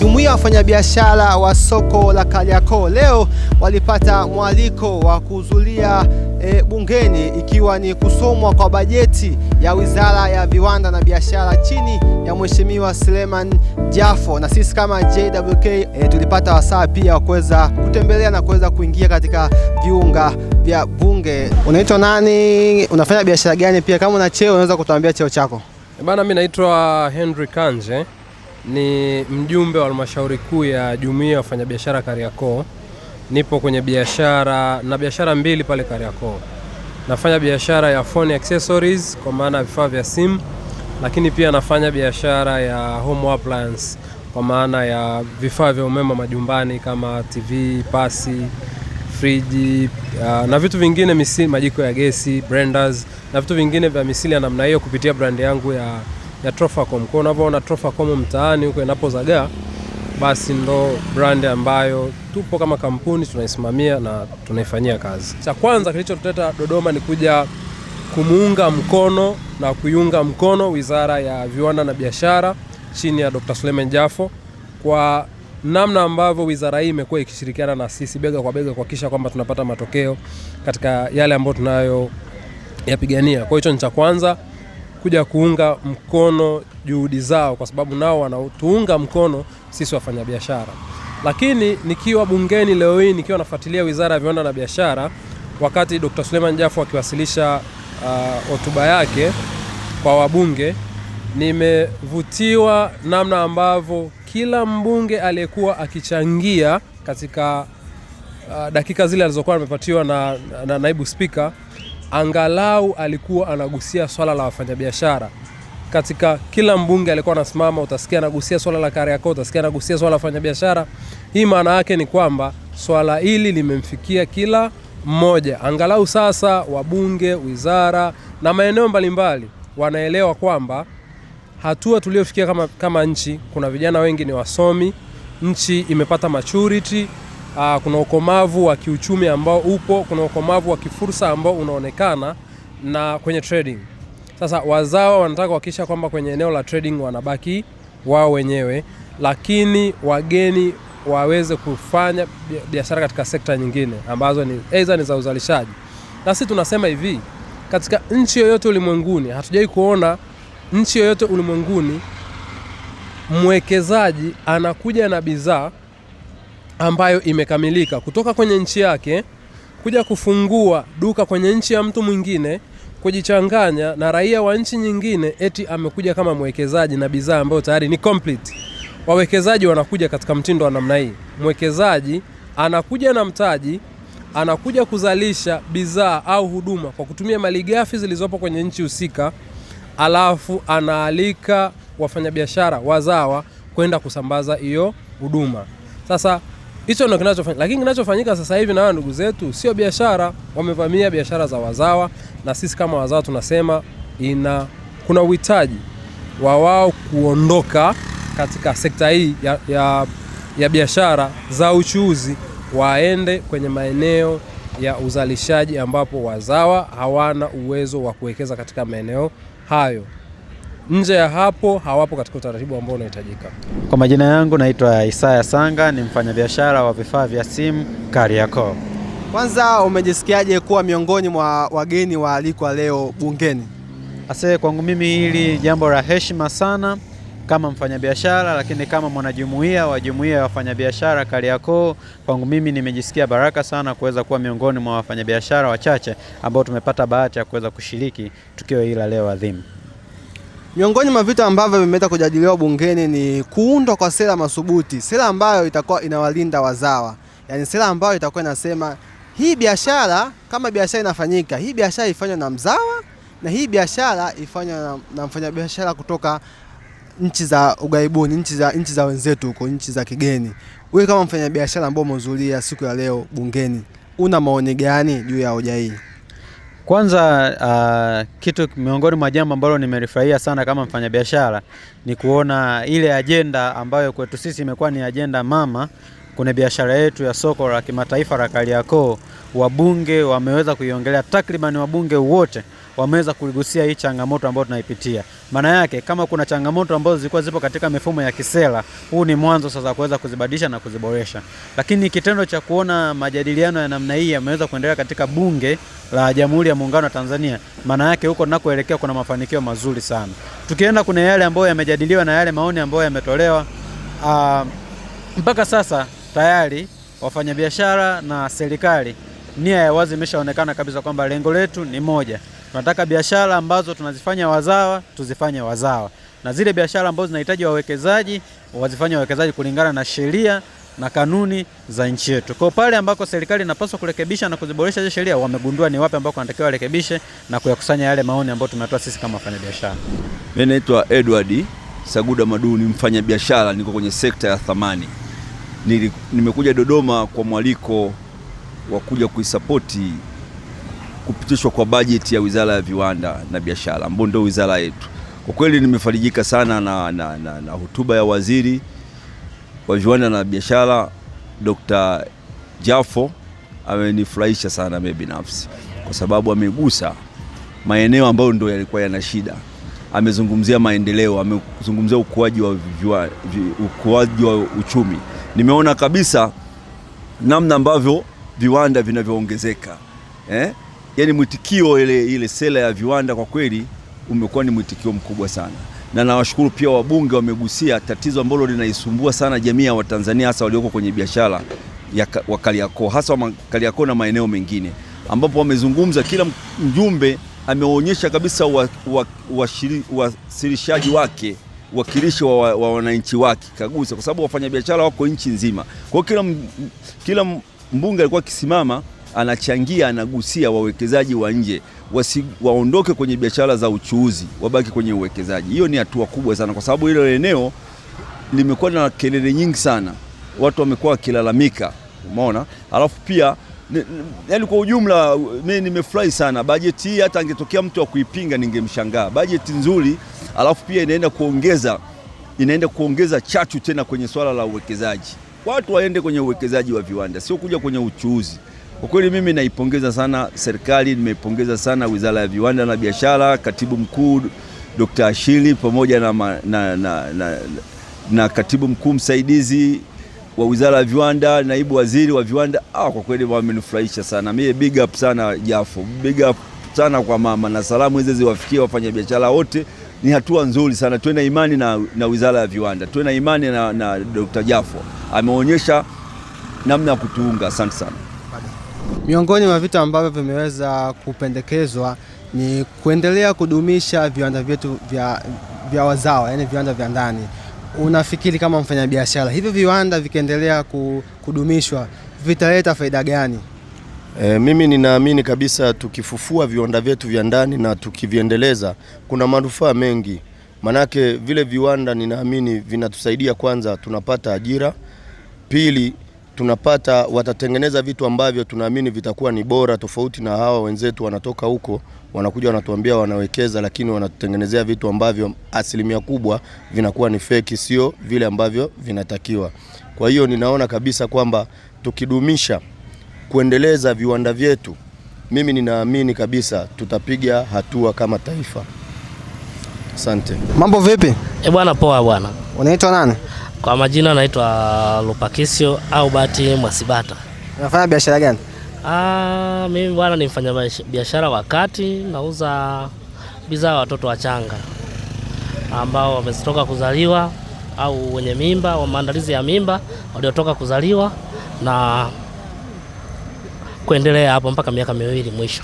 Jumuiya ya wafanyabiashara wa soko la Kariakoo leo walipata mwaliko wa kuhudhuria e, bungeni ikiwa ni kusomwa kwa bajeti ya Wizara ya Viwanda na Biashara chini ya Mheshimiwa Suleiman Jafo, na sisi kama JWK e, tulipata wasaa pia wa kuweza kutembelea na kuweza kuingia katika viunga vya Bunge. Unaitwa nani? Unafanya biashara gani? Pia kama una cheo unaweza kutuambia cheo chako. E bana, mimi naitwa Henry Kanje ni mjumbe wa halmashauri kuu ya jumuiya ya wafanyabiashara Kariakoo. Nipo kwenye biashara na biashara mbili pale Kariakoo. Nafanya biashara ya phone accessories kwa maana vifaa vya simu, lakini pia nafanya biashara ya home appliance kwa maana ya vifaa vya umeme majumbani kama TV, pasi, friji ah, na vitu vingine misili, majiko ya gesi, blenders na vitu vingine vya misili ya namna hiyo kupitia brand yangu ya ya Trofacom. Kwa unavyoona Trofacom mtaani huko inapozagaa, basi ndo brand ambayo tupo kama kampuni tunaisimamia na tunaifanyia kazi. Cha kwanza kilichotuleta Dodoma ni kuja kumuunga mkono na kuiunga mkono Wizara ya Viwanda na Biashara chini ya Dr. Suleiman Jafo kwa namna ambavyo wizara hii imekuwa ikishirikiana na sisi bega kwa bega kuhakikisha kwamba tunapata matokeo katika yale ambayo tunayo yapigania. Kwa hiyo hicho ni cha kwanza kuja kuunga mkono juhudi zao, kwa sababu nao wanatuunga mkono sisi wafanyabiashara. Lakini nikiwa bungeni leo hii, nikiwa nafuatilia Wizara ya Viwanda na Biashara, wakati Dr. Suleiman Jafo akiwasilisha uh, hotuba uh, yake kwa wabunge, nimevutiwa namna ambavyo kila mbunge aliyekuwa akichangia katika uh, dakika zile alizokuwa amepatiwa na, na, na naibu spika angalau alikuwa anagusia swala la wafanyabiashara katika kila mbunge alikuwa anasimama, utasikia anagusia swala la Kariakoo, utasikia anagusia swala la wafanyabiashara. Hii maana yake ni kwamba swala hili limemfikia kila mmoja, angalau sasa wabunge, wizara na maeneo mbalimbali wanaelewa kwamba hatua tuliofikia kama, kama nchi, kuna vijana wengi ni wasomi, nchi imepata maturity Uh, kuna ukomavu wa kiuchumi ambao upo, kuna ukomavu wa kifursa ambao unaonekana na kwenye trading. Sasa wazawa wanataka kuhakikisha kwamba kwenye eneo la trading wanabaki wao wenyewe, lakini wageni waweze kufanya biashara katika sekta nyingine ambazo ni aidha ni za uzalishaji. Na sisi tunasema hivi, katika nchi yoyote ulimwenguni hatujai kuona nchi yoyote ulimwenguni mwekezaji anakuja na bidhaa ambayo imekamilika kutoka kwenye nchi yake kuja kufungua duka kwenye nchi ya mtu mwingine kujichanganya na raia wa nchi nyingine, eti amekuja kama mwekezaji na bidhaa ambayo tayari ni complete. Wawekezaji wanakuja katika mtindo wa namna hii. Mwekezaji anakuja na mtaji, anakuja kuzalisha bidhaa au huduma kwa kutumia malighafi zilizopo kwenye nchi husika, alafu anaalika wafanyabiashara wazawa kwenda kusambaza hiyo huduma. Sasa hicho ndo kinachofanyika, lakini kinachofanyika sasa hivi na ndugu zetu sio biashara, wamevamia biashara za wazawa, na sisi kama wazawa tunasema ina kuna uhitaji wa wao kuondoka katika sekta hii ya, ya, ya biashara za uchuzi, waende kwenye maeneo ya uzalishaji ambapo wazawa hawana uwezo wa kuwekeza katika maeneo hayo. Nje ya hapo hawapo katika utaratibu ambao unahitajika. Kwa majina yangu naitwa Isaya Sanga, ni mfanyabiashara wa vifaa vya simu Kariakoo. Kwanza umejisikiaje kuwa miongoni mwa wageni waalikwa leo bungeni? ase kwangu mimi hili jambo la heshima sana kama mfanyabiashara lakini kama mwanajumuiya wa jumuiya ya wafanyabiashara Kariakoo, kwangu mimi nimejisikia baraka sana kuweza kuwa miongoni mwa wafanyabiashara wachache ambao tumepata bahati ya kuweza kushiriki tukio hili la leo adhimu. Miongoni mwa vitu ambavyo vimeweza kujadiliwa bungeni ni kuundwa kwa sera masubuti, sera ambayo itakuwa inawalinda wazawa, yaani sera ambayo itakuwa inasema hii biashara kama biashara inafanyika, hii biashara ifanywe na mzawa na hii biashara ifanywe na, na mfanyabiashara kutoka nchi za ugaibuni, nchi za, nchi za wenzetu huko, nchi za kigeni. Wewe kama mfanyabiashara ambao umehudhuria siku ya leo bungeni, una maoni gani juu ya hoja hii? Kwanza uh, kitu miongoni mwa jambo ambalo nimelifurahia sana kama mfanyabiashara ni kuona ile ajenda ambayo kwetu sisi imekuwa ni ajenda mama kwenye biashara yetu ya soko la kimataifa la Kariakoo, wabunge wameweza kuiongelea, takriban wabunge wote wameweza kuligusia hii changamoto ambayo tunaipitia. Maana yake kama kuna changamoto ambazo zilikuwa zipo katika mifumo ya kisera, huu ni mwanzo sasa kuweza kuzibadilisha na kuziboresha. Lakini kitendo cha kuona majadiliano ya namna hii yameweza kuendelea katika bunge la Jamhuri ya Muungano wa Tanzania, maana yake huko tunakoelekea kuna mafanikio mazuri sana. Tukienda kuna yale ambayo yamejadiliwa na yale maoni ambayo yametolewa, uh, mpaka sasa tayari wafanyabiashara na serikali nia ya wazi imeshaonekana kabisa kwamba lengo letu ni moja. Tunataka biashara ambazo tunazifanya wazawa tuzifanye wazawa, na zile biashara ambazo zinahitaji wawekezaji wazifanye wawekezaji kulingana na sheria na kanuni za nchi yetu. Kwa pale ambako serikali inapaswa kurekebisha na kuziboresha hizo sheria, wamegundua ni wapi ambako wanatakiwa warekebishe na kuyakusanya yale maoni ambayo tumetoa sisi kama wafanyabiashara. Mimi naitwa Edward Saguda Maduni, mfanyabiashara, niko kwenye sekta ya thamani nili, nimekuja Dodoma kwa mwaliko wa kuja kuisapoti kupitishwa kwa bajeti ya Wizara ya Viwanda na Biashara ambayo ndio wizara yetu. Kwa kweli nimefarijika sana na, na, na, na hotuba ya Waziri wa Viwanda na Biashara Dr. Jafo amenifurahisha sana mimi binafsi kwa sababu amegusa maeneo ambayo ndio yalikuwa yana shida. Amezungumzia maendeleo, amezungumzia ukuaji wa, ukuaji wa uchumi nimeona kabisa namna ambavyo viwanda vinavyoongezeka eh? Yaani mwitikio ile, ile sera ya viwanda kwa kweli umekuwa ni mwitikio mkubwa sana, na nawashukuru pia wabunge wamegusia tatizo ambalo linaisumbua sana jamii ya Watanzania hasa walioko kwenye biashara ya wa Kariakoo hasa wa Kariakoo na maeneo mengine, ambapo wamezungumza, kila mjumbe ameonyesha kabisa uwasilishaji wa, wa, wa, wake wakilishi wa, wa wananchi wake kagusa, kwa sababu wafanyabiashara wako nchi nzima. Kwa kila, kila mbunge alikuwa akisimama anachangia anagusia wawekezaji wa nje wasi, waondoke kwenye biashara za uchuuzi wabaki kwenye uwekezaji. Hiyo ni hatua kubwa sana, kwa sababu hilo eneo limekuwa na kelele nyingi sana, watu wamekuwa wakilalamika, umeona. Alafu pia yaani kwa ujumla mimi nimefurahi sana bajeti hii. Hata angetokea mtu wa kuipinga ningemshangaa. Bajeti nzuri, alafu pia inaenda kuongeza inaenda kuongeza chachu tena kwenye swala la uwekezaji, watu waende kwenye uwekezaji wa viwanda, sio kuja kwenye uchuuzi. Kwa kweli mimi naipongeza sana serikali, nimeipongeza sana Wizara ya Viwanda na Biashara, katibu mkuu Dr. Ashili pamoja na, na, na, na, na, na katibu mkuu msaidizi wa Wizara ya Viwanda, naibu waziri wa viwanda. Ah, kwa kweli wamenifurahisha sana mie, big up sana Jafo, big up sana kwa mama, na salamu hizi ziwafikie wafanyabiashara wote. Ni hatua nzuri sana, tuwe na imani na, na Wizara ya Viwanda, tuwe na imani na, na Dr. Jafo ameonyesha namna ya kutuunga. Asante sana. Miongoni mwa vitu ambavyo vimeweza kupendekezwa ni kuendelea kudumisha viwanda vyetu vya, vya wazawa, yani viwanda vya ndani unafikiri kama mfanyabiashara, hivyo viwanda vikiendelea kudumishwa vitaleta faida gani? E, mimi ninaamini kabisa tukifufua viwanda vyetu vya ndani na tukiviendeleza kuna manufaa mengi, manake vile viwanda ninaamini vinatusaidia, kwanza tunapata ajira, pili tunapata watatengeneza vitu ambavyo tunaamini vitakuwa ni bora, tofauti na hawa wenzetu wanatoka huko wanakuja wanatuambia wanawekeza, lakini wanatutengenezea vitu ambavyo asilimia kubwa vinakuwa ni feki, sio vile ambavyo vinatakiwa. Kwa hiyo ninaona kabisa kwamba tukidumisha kuendeleza viwanda vyetu, mimi ninaamini kabisa tutapiga hatua kama taifa. Asante. Mambo vipi? Eh, bwana poa bwana. Unaitwa nani? Kwa majina naitwa Lupakisio Aubati Mwasibata. Unafanya biashara gani? Ah, mimi bwana ni mfanya biashara wakati nauza bidhaa watoto wachanga ambao wametoka kuzaliwa au wenye mimba wa maandalizi ya mimba waliotoka kuzaliwa na kuendelea hapo mpaka miaka miwili mwisho.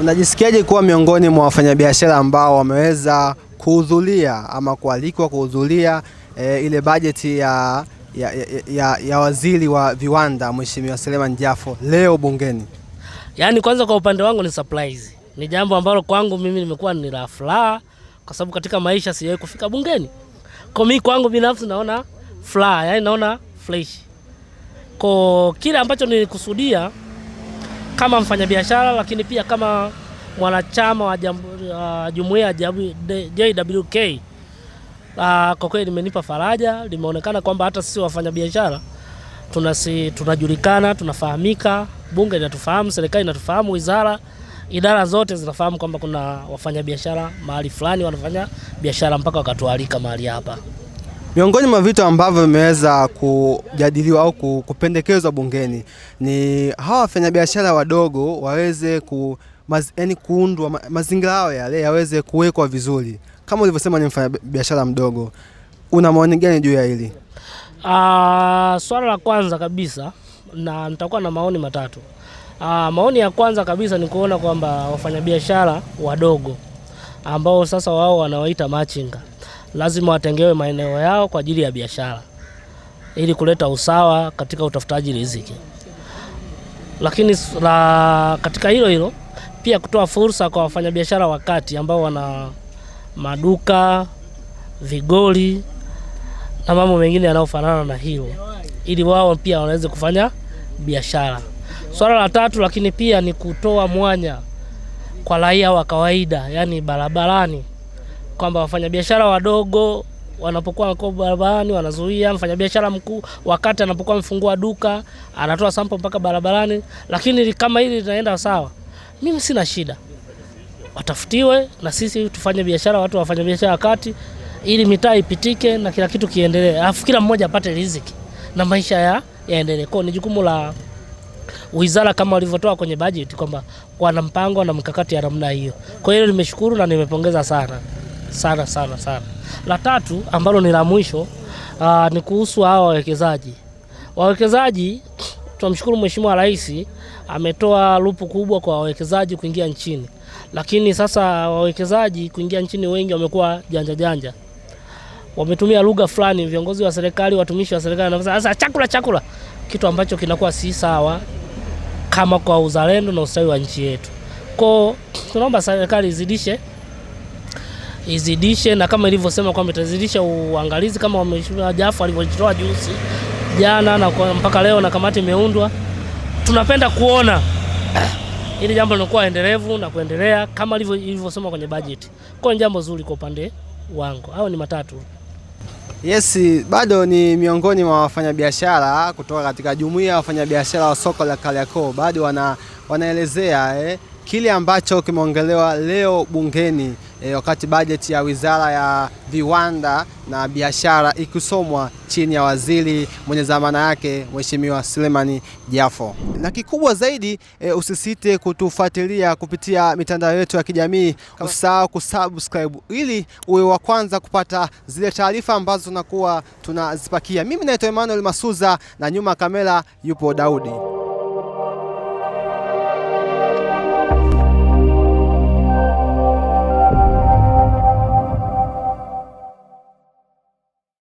Unajisikiaje kuwa miongoni mwa wafanyabiashara ambao wameweza kuhudhuria ama kualikwa kuhudhuria e, ile bajeti ya, ya, ya, ya waziri wa viwanda Mheshimiwa Selemani Jafo leo bungeni? Yaani, kwanza kwa upande wangu ni surprise, ni jambo ambalo kwangu mimi nimekuwa ni la furaha, kwa sababu katika maisha sijawahi kufika bungeni. Kwa mimi kwangu binafsi naona furaha, yani naona fresh kwa kile ambacho nilikusudia kama mfanyabiashara, lakini pia kama mwanachama wa jumuiya ya JWK Uh, kwa kweli limenipa faraja, limeonekana kwamba hata sisi wafanyabiashara tunasi tunajulikana, tunafahamika, bunge linatufahamu, serikali inatufahamu, wizara, idara zote zinafahamu kwamba kuna wafanyabiashara mahali fulani wanafanya biashara mpaka wakatualika mahali hapa. Miongoni mwa vitu ambavyo vimeweza kujadiliwa au kupendekezwa bungeni ni hawa wafanyabiashara wadogo waweze ku, maz, yani kuundwa mazingira yao yale yaweze kuwekwa vizuri kama ulivyosema ni mfanyabiashara mdogo, una maoni gani juu ya hili? Uh, swala la kwanza kabisa na nitakuwa na maoni matatu. Uh, maoni ya kwanza kabisa ni kuona kwamba wafanyabiashara wadogo ambao sasa wao wanawaita machinga lazima watengewe maeneo yao kwa ajili ya biashara ili kuleta usawa katika utafutaji riziki. Lakini la, katika hilo hilo pia kutoa fursa kwa wafanyabiashara wakati ambao wana maduka, vigoli na mambo mengine yanayofanana na hilo, ili wao pia wanaweze kufanya biashara. Swala la tatu, lakini pia ni kutoa mwanya kwa raia wa kawaida, yani barabarani, kwamba wafanyabiashara wadogo wanapokuwa barabarani wanazuia mfanyabiashara mkuu, wakati anapokuwa amefungua duka anatoa sampo mpaka barabarani. Lakini kama hili linaenda sawa, mimi sina shida watafutiwe na sisi tufanye biashara, watu wafanye biashara wakati, ili mitaa ipitike na kila kitu kiendelee, alafu kila mmoja apate riziki na maisha ya yaendelee. Kwao ni jukumu la wizara kama walivyotoa kwenye bajeti kwamba wana mpango na mkakati ya namna hiyo. Kwa hiyo nimeshukuru na nimepongeza sana sana sana sana. La tatu ambalo ni la mwisho aa, ah, ni kuhusu hawa wawekezaji. Wawekezaji tunamshukuru Mheshimiwa Rais ametoa lupu kubwa kwa wawekezaji kuingia nchini. Lakini sasa wawekezaji kuingia nchini wengi wamekuwa janja janja, wametumia lugha fulani, viongozi wa serikali, watumishi wa serikali wanasema sasa chakula chakula, kitu ambacho kinakuwa si sawa kama kwa uzalendo na ustawi wa nchi yetu. Kwa tunaomba serikali izidishe izidishe na kama ilivyosema kwamba itazidisha uangalizi kama wameshia Jafu alivyotoa juzi jana na mpaka leo na kamati imeundwa, tunapenda kuona Hili jambo linakuwa endelevu na kuendelea kama ilivyosoma kwenye bajeti. Kwa hiyo jambo zuri kwa upande wangu. Hao ni matatu. Yes, bado ni miongoni mwa wafanyabiashara kutoka katika jumuiya ya wafanyabiashara wa soko la Kariakoo. Bado wana, wanaelezea eh, kile ambacho kimeongelewa leo bungeni e, wakati bajeti ya Wizara ya Viwanda na Biashara ikisomwa chini ya waziri mwenye zamana yake Mheshimiwa Selemani Jafo. Na kikubwa zaidi e, usisite kutufuatilia kupitia mitandao yetu ya kijamii, usisahau kusubscribe ili uwe wa kwanza kupata zile taarifa ambazo tunakuwa tunazipakia. Mimi naitwa Emmanuel Masuza na nyuma kamera yupo Daudi.